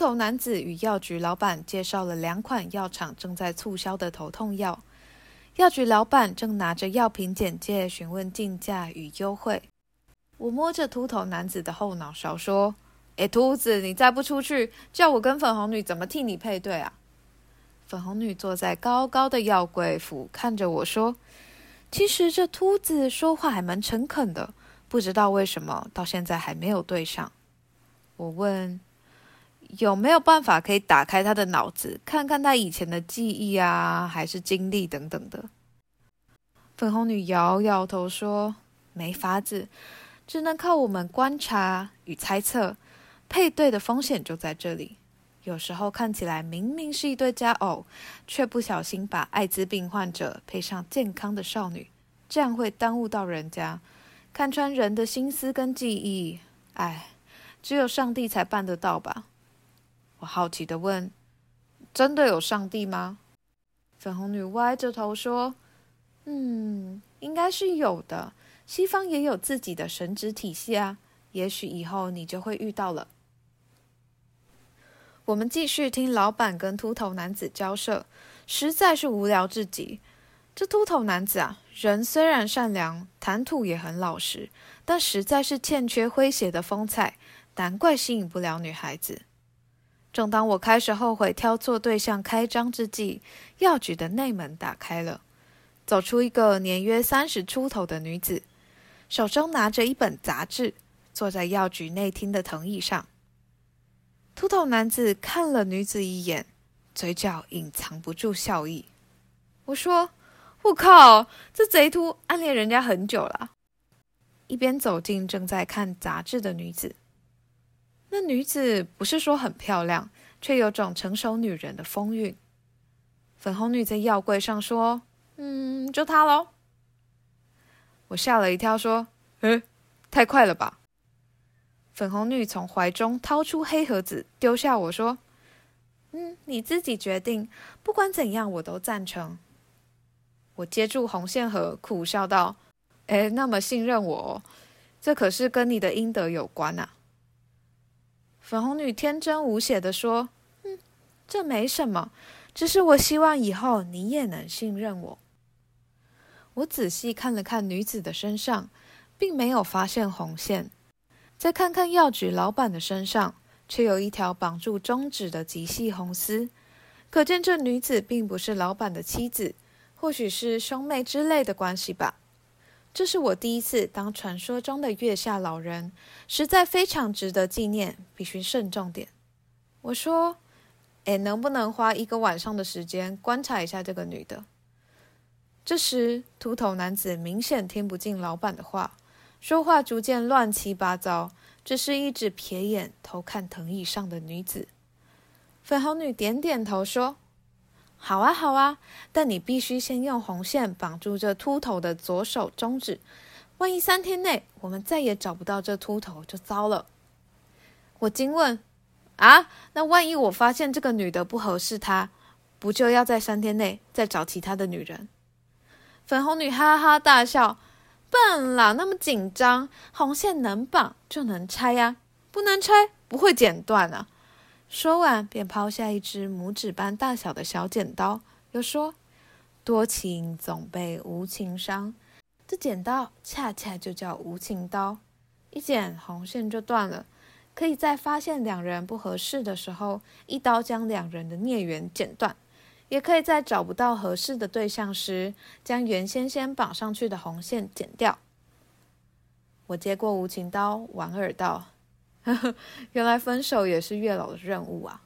禿頭男子與藥局老板介紹了兩款藥廠正在促銷的頭痛藥，藥局老板正拿着藥品簡介詢問進價與優惠。我摸着禿頭男子的後腦勺說：“哎，禿子，你再不出去，叫我跟粉紅女怎麼替你配對啊？”粉紅女坐在高高的藥櫃，俯看着我說：“其實這禿子說話還蠻誠懇的，不知道為什麼到現在還沒有對上。”我問。有沒有辦法可以打開他的腦子，看看他以前的記憶啊，還是經歷等等的？粉紅女搖搖頭說：“沒法子，只能靠我們觀察與猜測。配對的風險就在這裡。有時候看起來明明是一對佳偶，卻不小心把艾滋病患者配上健康的少女，這樣會耽誤到人家。看穿人的心思跟記憶，哎，只有上帝才辦得到吧。”我好奇的問：“真的有上帝嗎？”粉紅女歪着頭說：“嗯，應該是有的。西方也有自己的神職體系啊，也許以後你就會遇到了。 ”我們繼續聽老板跟禿頭男子交涉，實在是無聊至極。這禿頭男子啊，人雖然善良，談吐也很老實，但實在是欠缺詼諧的風采，難怪吸引不了女孩子。正當我開始後悔挑錯對象開張之際，藥局的內門打開了，走出一個年約三十出頭的女子，手中拿着一本雜誌，坐在藥局內廳的藤椅上。禿頭男子看了女子一眼，嘴角隱藏不住笑意。我說：“我、哦、靠，這賊禿暗戀人家很久了。”一邊走近正在看雜誌的女子。那女子不是說很漂亮，卻有種成熟女人的風韻。粉紅女在藥櫃上說：“嗯，就她嘍。”我嚇了一跳，說：“哎，太快了吧！”粉紅女從懷中掏出黑盒子，丟下我說：“嗯，你自己決定，不管怎樣，我都贊成。”我接住紅線盒，苦笑道：“哎，那麼信任我哦，這可是跟你的陰德有關吶。”粉紅女天真無邪地說：“嗯，這沒什麼，只是我希望以後你也能信任我。”我仔細看了看女子的身上，並沒有發現紅線；再看看藥局老板的身上，卻有一條綁住中指的極細紅絲，可見這女子並不是老板的妻子，或許是兄妹之類的關係吧。這是我第一次當傳說中的月下老人，實在非常值得紀念，必須慎重點。我說：“哎、欸，能不能花一個晚上的時間觀察一下這個女的？”這時，禿頭男子明顯聽不進老板的話，說話逐漸亂七八糟，只是一直瞥眼偷看藤椅上的女子。粉紅女點點頭說。好啊，好啊，但你必須先用紅線綁住這禿頭的左手中指。萬一三天內我們再也找不到這禿頭，就糟了。我驚問：“啊，那萬一我發現這個女的不合適，她不就要在三天內再找其他的女人？”粉紅女哈哈大笑：“笨啦，那麼緊張，紅線能綁就能拆呀，不能拆不會剪斷啊。”說完，便拋下一隻拇指般大小的小剪刀，又說：“多情總被無情傷，這剪刀恰恰就叫無情刀。一剪紅線就斷了，可以在發現兩人不合適的時候，一刀將兩人的孽緣剪斷；也可以在找不到合適的對象時，將原先先綁上去的紅線剪掉。”我接過無情刀，莞爾道。呵呵，原來分手也是月老的任務啊！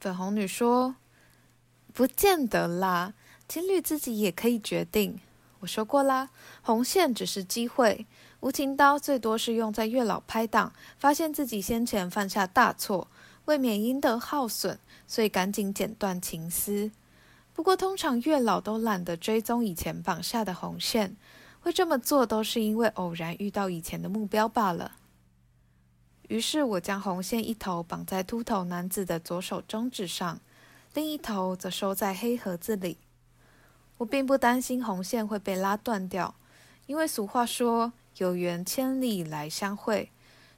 粉紅女說：“不見得啦，情侶自己也可以決定。我說過啦，紅線只是機會，無情刀最多是用在月老拍檔發現自己先前犯下大錯，未免陰德耗損，所以趕緊剪斷情絲。不過通常月老都懶得追蹤以前綁下的紅線，會這麼做都是因為偶然遇到以前的目標罷了。”於是我將紅線一頭綁在禿頭男子的左手中指上，另一頭則收在黑盒子裡。我並不擔心紅線會被拉斷掉，因為俗話說“有緣千里來相會”，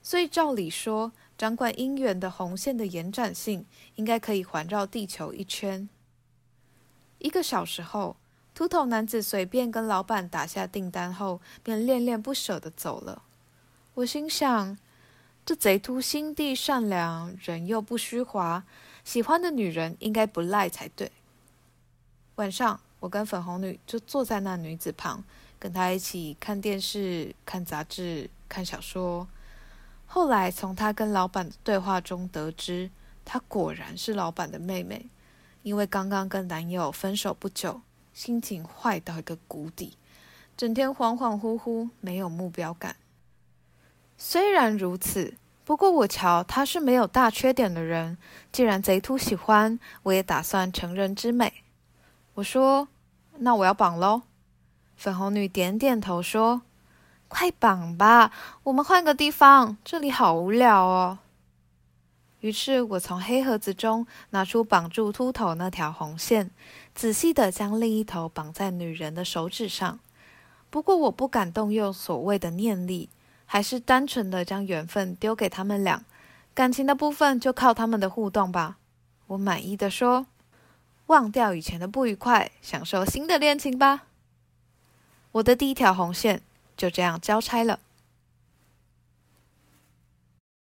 所以照理說，掌管姻緣的紅線的延展性應該可以環繞地球一圈。一個小時後，禿頭男子隨便跟老闆打下訂單後，便戀戀不捨地走了。我心想：這賊禿心地善良，人又不虛華，喜歡的女人應該不賴才對。晚上，我跟粉紅女就坐在那女子旁，跟她一起看電視、看雜誌、看小說。後來從她跟老板的對話中得知，她果然是老板的妹妹，因為剛剛跟男友分手不久，心情壞到一個谷底，整天恍恍惚惚，沒有目標感。雖然如此，不過我瞧他是沒有大缺點的人。既然賊禿喜歡，我也打算成人之美。我說：“那我要綁嘍。”粉紅女點點頭說：“快綁吧，我們換個地方，這裡好無聊哦。”於是，我從黑盒子中拿出綁住禿頭那條紅線，仔細地將另一頭綁在女人的手指上。不過，我不敢動用所謂的念力。還是單純的將緣分丟給他們倆，感情的部分就靠他們的互動吧。我滿意的說：“忘掉以前的不愉快，享受新的戀情吧。”我的第一條紅線就這樣交差了。